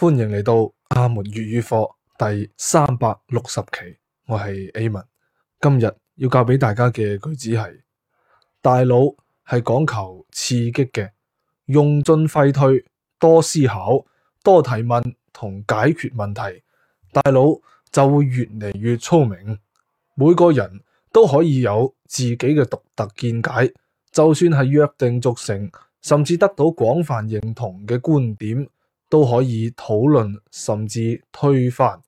歡迎嚟到阿門粵語課第三百六十期，我係 A 文，今日要教畀大家嘅句子係：大腦係講求刺激嘅，用進廢退，多思考，多提問同解決問題，大腦就會越嚟越聰明。每個人都可以有自己嘅獨特見解，就算係約定俗成，甚至得到廣泛認同嘅觀點。都可以討論甚至推翻。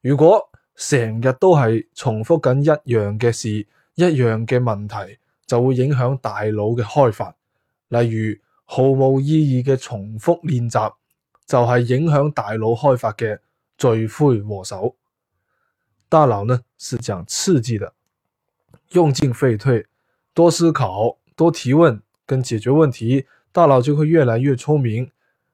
如果成日都係重複緊一樣嘅事、一樣嘅問題，就會影響大腦嘅開發。例如毫無意義嘅重複練習，就係、是、影響大腦開發嘅罪魁禍首。大腦呢係講求刺激嘅，用進廢退，多思考、多提問同解決問題，大腦就會越嚟越聰明。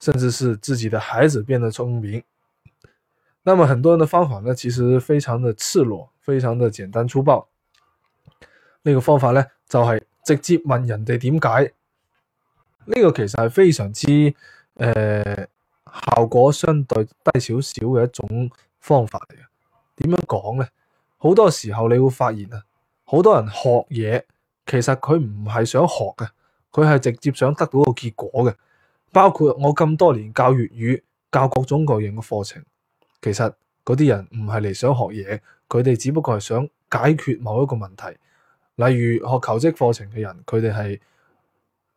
甚至是自己的孩子變得聰明，那麼很多人的方法呢，其實非常的赤裸，非常的簡單粗暴。呢、這個方法呢，就係、是、直接問人哋點解，呢、這個其實係非常之誒、呃、效果相對低少少嘅一種方法嚟嘅。點樣講呢？好多時候你會發現啊，好多人學嘢其實佢唔係想學嘅，佢係直接想得到個結果嘅。包括我咁多年教粵語、教各種各樣嘅課程，其實嗰啲人唔係嚟想學嘢，佢哋只不過係想解決某一個問題。例如學求職課程嘅人，佢哋係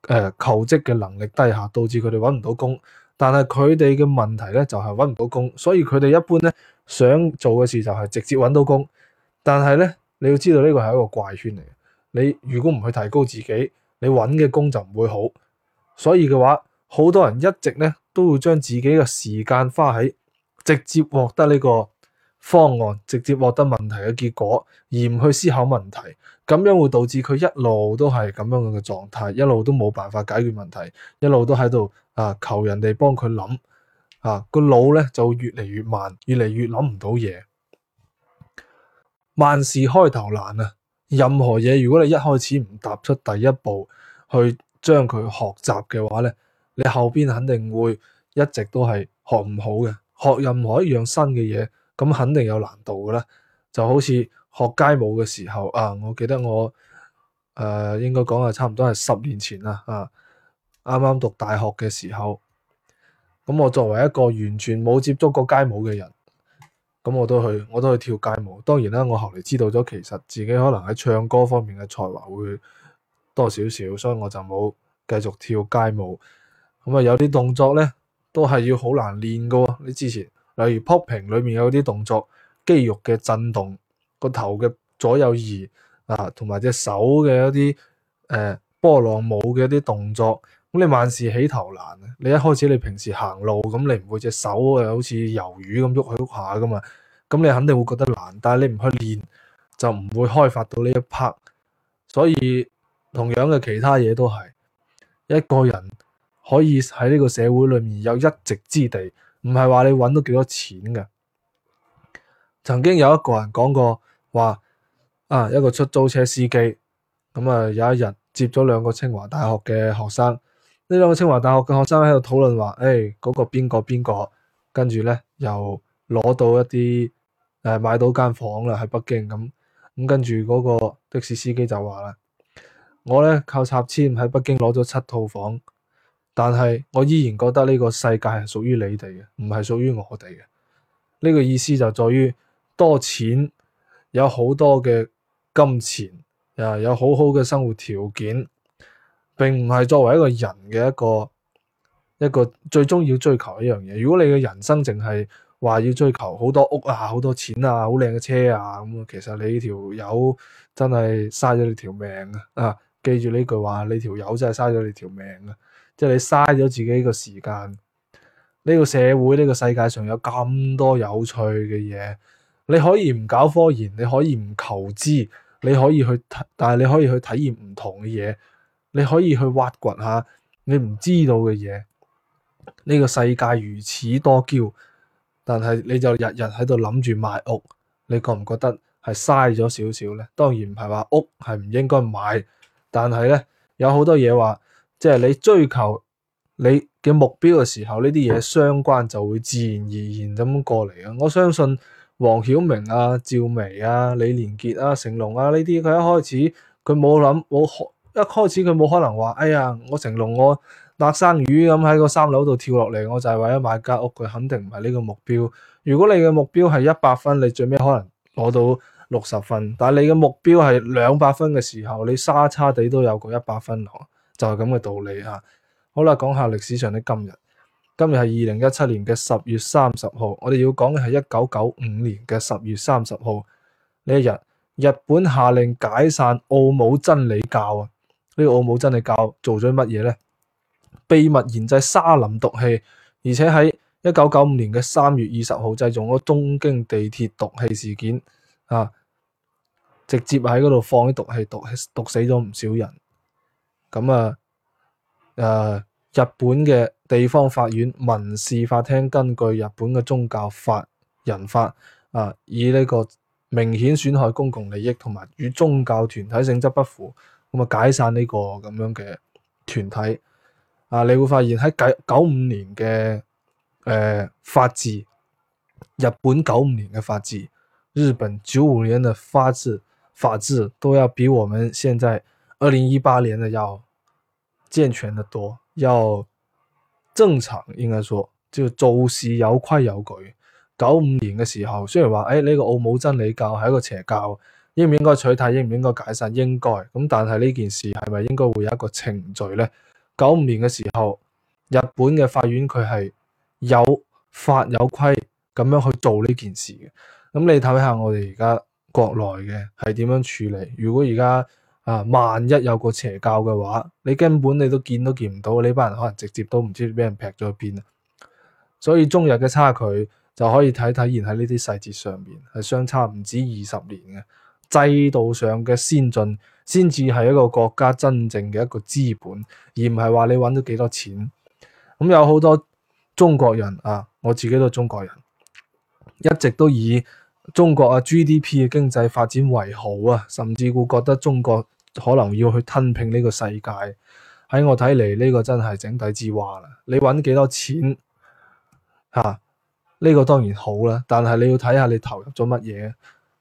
誒求職嘅能力低下，導致佢哋揾唔到工。但係佢哋嘅問題咧就係揾唔到工，所以佢哋一般咧想做嘅事就係直接揾到工。但係咧，你要知道呢個係一個怪圈嚟嘅。你如果唔去提高自己，你揾嘅工就唔會好。所以嘅話。好多人一直咧都會將自己嘅時間花喺直接獲得呢個方案，直接獲得問題嘅結果，而唔去思考問題。咁樣會導致佢一路都係咁樣嘅狀態，一路都冇辦法解決問題，一路都喺度啊求人哋幫佢諗啊，個腦咧就越嚟越慢，越嚟越諗唔到嘢。萬事開頭難啊！任何嘢，如果你一開始唔踏出第一步，去將佢學習嘅話咧～你後邊肯定會一直都係學唔好嘅，學任何一樣新嘅嘢，咁肯定有難度嘅啦。就好似學街舞嘅時候啊，我記得我誒、呃、應該講係差唔多係十年前啦啊，啱啱讀大學嘅時候，咁我作為一個完全冇接觸過街舞嘅人，咁我都去我都去跳街舞。當然啦，我後嚟知道咗，其實自己可能喺唱歌方面嘅才華會多少少，所以我就冇繼續跳街舞。咁啊，有啲動作咧都係要好難練噶喎。你之前例如 popping 裏面有啲動作，肌肉嘅震動，個頭嘅左右移啊，同埋隻手嘅一啲誒、呃、波浪舞嘅一啲動作。咁你萬事起頭難，你一開始你平時行路咁，你唔會隻手誒好似魷魚咁喐下喐下噶嘛。咁你肯定會覺得難，但係你唔去練就唔會開發到呢一 part。所以同樣嘅其他嘢都係一個人可以喺呢個社會裏面有一席之地，唔係話你揾到幾多錢嘅。曾經有一個人講過，話啊一個出租車司機，咁、嗯、啊有一日接咗兩個清華大學嘅學生，呢兩個清華大學嘅學生喺度討論話，誒、哎、嗰、嗰個邊個邊個，跟住呢又攞到一啲誒、呃、買到間房啦喺北京，咁、嗯、咁跟住嗰個的士司機就話啦，我呢，靠拆遷喺北京攞咗七套房。但係我依然覺得呢個世界係屬於你哋嘅，唔係屬於我哋嘅。呢個意思就在於多錢有好多嘅金錢，啊有好好嘅生活條件，並唔係作為一個人嘅一個一個最終要追求一樣嘢。如果你嘅人生淨係話要追求好多屋啊、好多錢啊、好靚嘅車啊咁、嗯，其實你條友真係嘥咗你條命啊，啊！記住呢句話，你條友真係嘥咗你條命啊！即係你嘥咗自己呢個時間，呢個社會呢個世界上有咁多有趣嘅嘢，你可以唔搞科研，你可以唔求知，你可以去，但係你可以去體驗唔同嘅嘢，你可以去挖掘下你唔知道嘅嘢。呢個世界如此多嬌，但係你就日日喺度諗住買屋，你覺唔覺得係嘥咗少少咧？當然唔係話屋係唔應該買，但係咧有好多嘢話。即係你追求你嘅目標嘅時候，呢啲嘢相關就會自然而然咁樣過嚟啊！我相信黃曉明啊、趙薇啊、李連杰啊、成龍啊呢啲，佢一開始佢冇諗冇一開始佢冇可能話：哎呀，我成龍我搭生魚咁喺個三樓度跳落嚟，我就係為咗買間屋。佢肯定唔係呢個目標。如果你嘅目標係一百分，你最尾可能攞到六十分，但係你嘅目標係兩百分嘅時候，你沙叉地都有個一百分囉。就係咁嘅道理啊！好啦，講下歷史上嘅今日。今日係二零一七年嘅十月三十號，我哋要講嘅係一九九五年嘅十月三十號呢一日，日本下令解散奧姆真理教啊！呢個奧姆真理教做咗乜嘢呢？秘密研製沙林毒氣，而且喺一九九五年嘅三月二十號製造咗東京地鐵毒氣事件啊！直接喺嗰度放啲毒氣，毒毒死咗唔少人。咁啊，誒、嗯、日本嘅地方法院民事法庭根據日本嘅宗教法人法啊，以呢個明顯損害公共利益同埋與宗教團體性質不符，咁、嗯、啊解散呢個咁樣嘅團體啊，你會發現喺九九五年嘅誒、呃、法治，日本九五年嘅法治，日本九五年嘅法，法治，法治都要比我們現在，二零一八年嘅要健全得多，要正常，應該說就做事有規有矩。九五年嘅時候，雖然話誒，呢個奧姆真理教係一個邪教，應唔應該取締，應唔應該解散，應該咁、嗯，但係呢件事係咪應該會有一個程序呢？九五年嘅時候，日本嘅法院佢係有法有規咁樣去做呢件事嘅。咁、嗯、你睇下我哋而家國內嘅係點樣處理？如果而家啊！萬一有個邪教嘅話，你根本你都見都見唔到，呢班人可能直接都唔知俾人劈咗去邊啊！所以中日嘅差距就可以睇體現喺呢啲細節上面，係相差唔止二十年嘅制度上嘅先進，先至係一個國家真正嘅一個資本，而唔係話你揾到幾多錢。咁有好多中國人啊，我自己都係中國人，一直都以中國啊，GDP 嘅經濟發展為好啊，甚至乎覺得中國可能要去吞併呢個世界。喺我睇嚟呢個真係井底之蛙啦。你揾幾多錢吓？呢、啊這個當然好啦，但係你要睇下你投入咗乜嘢。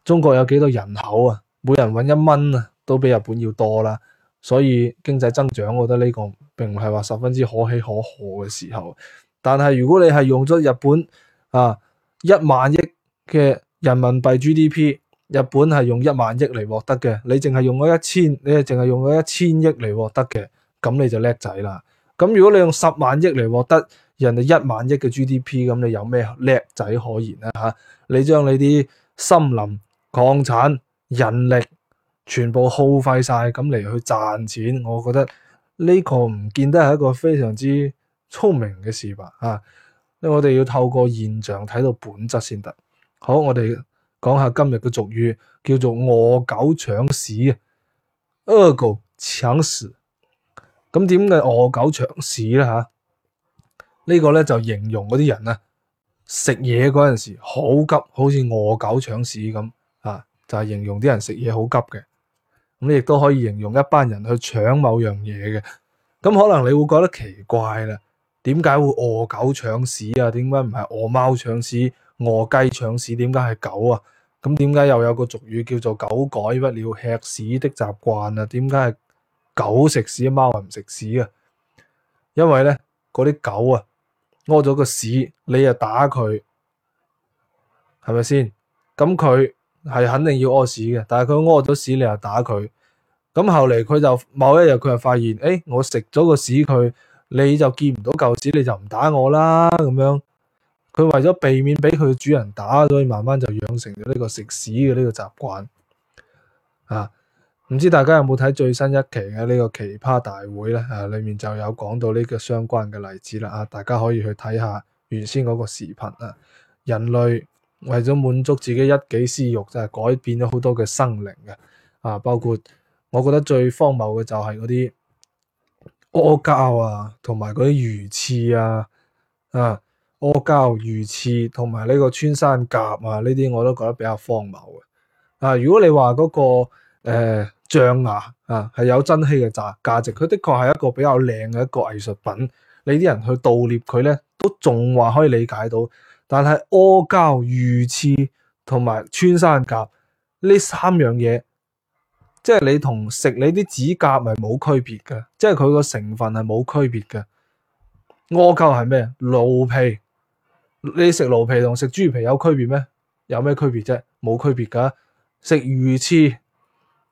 中國有幾多人口啊？每人揾一蚊啊，都比日本要多啦。所以經濟增長，我覺得呢個並唔係話十分之可喜可賀嘅時候。但係如果你係用咗日本啊一萬億嘅。人民幣 GDP，日本係用一萬億嚟獲得嘅，你淨係用咗一千，你淨係用咗一千億嚟獲得嘅，咁你就叻仔啦。咁如果你用十萬億嚟獲得人哋一萬億嘅 GDP，咁你有咩叻仔可言呀？吓，你將你啲森林、礦產、人力全部耗費晒咁嚟去賺錢，我覺得呢個唔見得係一個非常之聰明嘅事吧？吓，我哋要透過現象睇到本質先得。好，我哋講下今日嘅俗語，叫做餓狗搶屎啊。惡狗搶屎，嗯、餓狗搶屎，咁點解餓狗搶屎咧？吓，呢個咧就形容嗰啲人啊食嘢嗰陣時好急，好似餓狗搶屎咁啊，就係、是、形容啲人食嘢好急嘅。咁亦都可以形容一班人去搶某樣嘢嘅。咁、嗯、可能你會覺得奇怪啦，點解會餓狗搶屎啊？點解唔係餓貓搶屎？餓狗搶屎點解係狗啊？咁點解又有個俗語叫做狗改不了吃屎的習慣啊？點解係狗食屎，貓係唔食屎啊？因為呢，嗰啲狗啊，屙咗個屎，你又打佢，係咪先？咁佢係肯定要屙屎嘅，但係佢屙咗屎，你又打佢，咁後嚟佢就某一日佢就發現，誒、欸、我食咗個屎佢，你就見唔到嚿屎，你就唔打我啦咁樣。佢為咗避免俾佢主人打，所以慢慢就養成咗呢個食屎嘅呢個習慣。啊，唔知大家有冇睇最新一期嘅呢個奇葩大會咧？啊，裏面就有講到呢個相關嘅例子啦。啊，大家可以去睇下原先嗰個視頻啦。人類為咗滿足自己一己私欲，就係改變咗好多嘅生靈嘅。啊，包括我覺得最荒謬嘅就係嗰啲阿膠啊，同埋嗰啲魚翅啊，啊。阿膠魚翅同埋呢個穿山甲啊，呢啲我都覺得比較荒謬嘅。啊，如果你話嗰、那個、呃、象牙啊係有珍稀嘅價價值，佢的確係一個比較靚嘅一個藝術品。你啲人去盜獵佢呢，都仲話可以理解到。但係阿膠魚翅同埋穿山甲呢三樣嘢，即係你同食你啲指甲咪冇區別嘅，即係佢個成分係冇區別嘅。阿膠係咩？驢皮。你食驢皮同食豬皮有區別咩？有咩區別啫？冇區別噶。食魚翅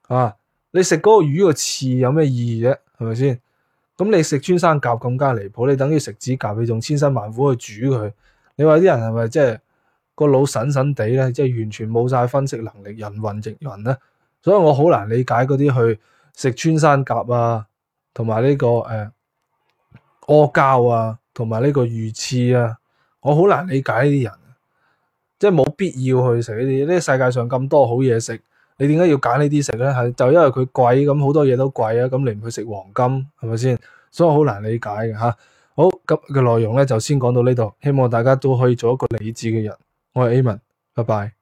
啊，你食嗰個魚個翅有咩意義啫？係咪先？咁你食穿山甲咁加離譜，你等於食指甲，你仲千辛萬苦去煮佢。你話啲人係咪即係個腦神神地咧？即係完全冇晒分析能力，人云亦云咧？所以我好難理解嗰啲去食穿山甲啊，同埋呢個誒阿膠啊，同埋呢個魚翅啊。我好難理解呢啲人，即係冇必要去食呢啲。呢世界上咁多好嘢食，你點解要揀呢啲食咧？係就因為佢貴，咁好多嘢都貴啊，咁你唔去食黃金，係咪先？所以我好難理解嘅吓。好，今日嘅內容咧就先講到呢度，希望大家都可以做一個理智嘅人。我係阿門，拜拜。